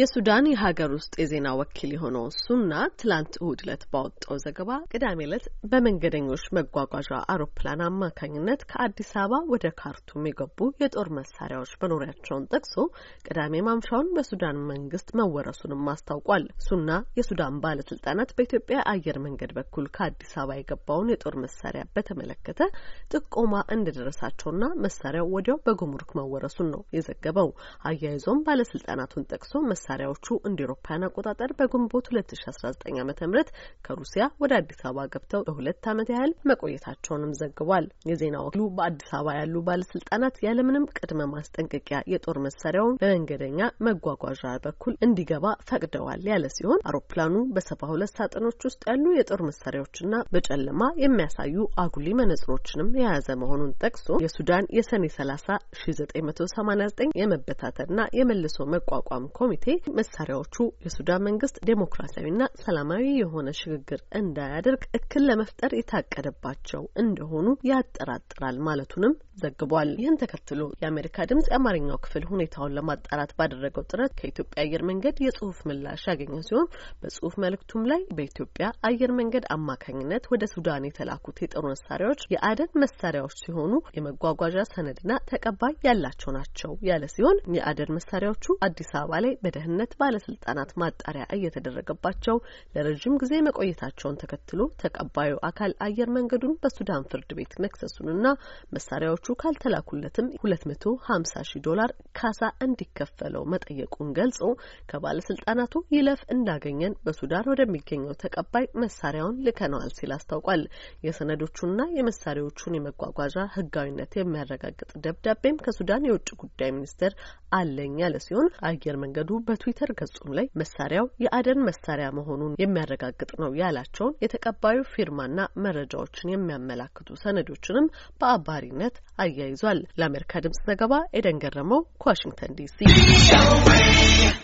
የሱዳን የሀገር ውስጥ የዜና ወኪል የሆነው ሱና ትላንት እሁድ ዕለት ባወጣው ዘገባ ቅዳሜ ዕለት በመንገደኞች መጓጓዣ አውሮፕላን አማካኝነት ከአዲስ አበባ ወደ ካርቱም የገቡ የጦር መሳሪያዎች መኖሪያቸውን ጠቅሶ ቅዳሜ ማምሻውን በሱዳን መንግስት መወረሱንም አስታውቋል። ሱና የሱዳን ባለስልጣናት በኢትዮጵያ አየር መንገድ በኩል ከአዲስ አበባ የገባውን የጦር መሳሪያ በተመለከተ ጥቆማ እንደደረሳቸውና መሳሪያው ወዲያው በጉምሩክ መወረሱን ነው የዘገበው። አያይዞም ባለስልጣናቱን ጠቅሶ መሳሪያዎቹ እንደ ኤሮፓያን አቆጣጠር በግንቦት 2019 ዓ ም ከሩሲያ ወደ አዲስ አበባ ገብተው ለሁለት ዓመት ያህል መቆየታቸውንም ዘግቧል። የዜና ወኪሉ በአዲስ አበባ ያሉ ባለስልጣናት ያለምንም ቅድመ ማስጠንቀቂያ የጦር መሳሪያውን በመንገደኛ መጓጓዣ በኩል እንዲገባ ፈቅደዋል ያለ ሲሆን አውሮፕላኑ በሰባ ሁለት ሳጥኖች ውስጥ ያሉ የጦር መሳሪያዎችና በጨለማ የሚያሳዩ አጉሊ መነጽሮችንም የያዘ መሆኑን ጠቅሶ የሱዳን የሰኔ 30 1989 የመበታተና የመልሶ መቋቋም ኮሚቴ መሳሪያዎቹ የሱዳን መንግስት ዴሞክራሲያዊና ሰላማዊ የሆነ ሽግግር እንዳያደርግ እክል ለመፍጠር የታቀደባቸው እንደሆኑ ያጠራጥራል ማለቱንም ዘግቧል። ይህን ተከትሎ የአሜሪካ ድምጽ የአማርኛው ክፍል ሁኔታውን ለማጣራት ባደረገው ጥረት ከኢትዮጵያ አየር መንገድ የጽሁፍ ምላሽ ያገኘ ሲሆን በጽሁፍ መልእክቱም ላይ በኢትዮጵያ አየር መንገድ አማካኝነት ወደ ሱዳን የተላኩት የጦር መሳሪያዎች የአደን መሳሪያዎች ሲሆኑ የመጓጓዣ ሰነድና ተቀባይ ያላቸው ናቸው ያለ ሲሆን የአደን መሳሪያዎቹ አዲስ አበባ ላይ በደ ደህንነት ባለስልጣናት ማጣሪያ እየተደረገባቸው ለረዥም ጊዜ መቆየታቸውን ተከትሎ ተቀባዩ አካል አየር መንገዱን በሱዳን ፍርድ ቤት መክሰሱንና መሳሪያዎቹ ካልተላኩለትም ሁለት መቶ ሀምሳ ሺህ ዶላር ካሳ እንዲከፈለው መጠየቁን ገልጾ ከባለስልጣናቱ ይለፍ እንዳገኘን በሱዳን ወደሚገኘው ተቀባይ መሳሪያውን ልከነዋል ሲል አስታውቋል። የሰነዶቹና የመሳሪያዎቹን የመጓጓዣ ህጋዊነት የሚያረጋግጥ ደብዳቤም ከሱዳን የውጭ ጉዳይ ሚኒስቴር አለኝ ያለ ሲሆን አየር መንገዱ በትዊተር ገጹም ላይ መሳሪያው የአደን መሳሪያ መሆኑን የሚያረጋግጥ ነው ያላቸውን የተቀባዩ ፊርማና መረጃዎችን የሚያመላክቱ ሰነዶችንም በአባሪነት አያይዟል። ለአሜሪካ ድምጽ ዘገባ ኤደን ገረመው ከዋሽንግተን ዲሲ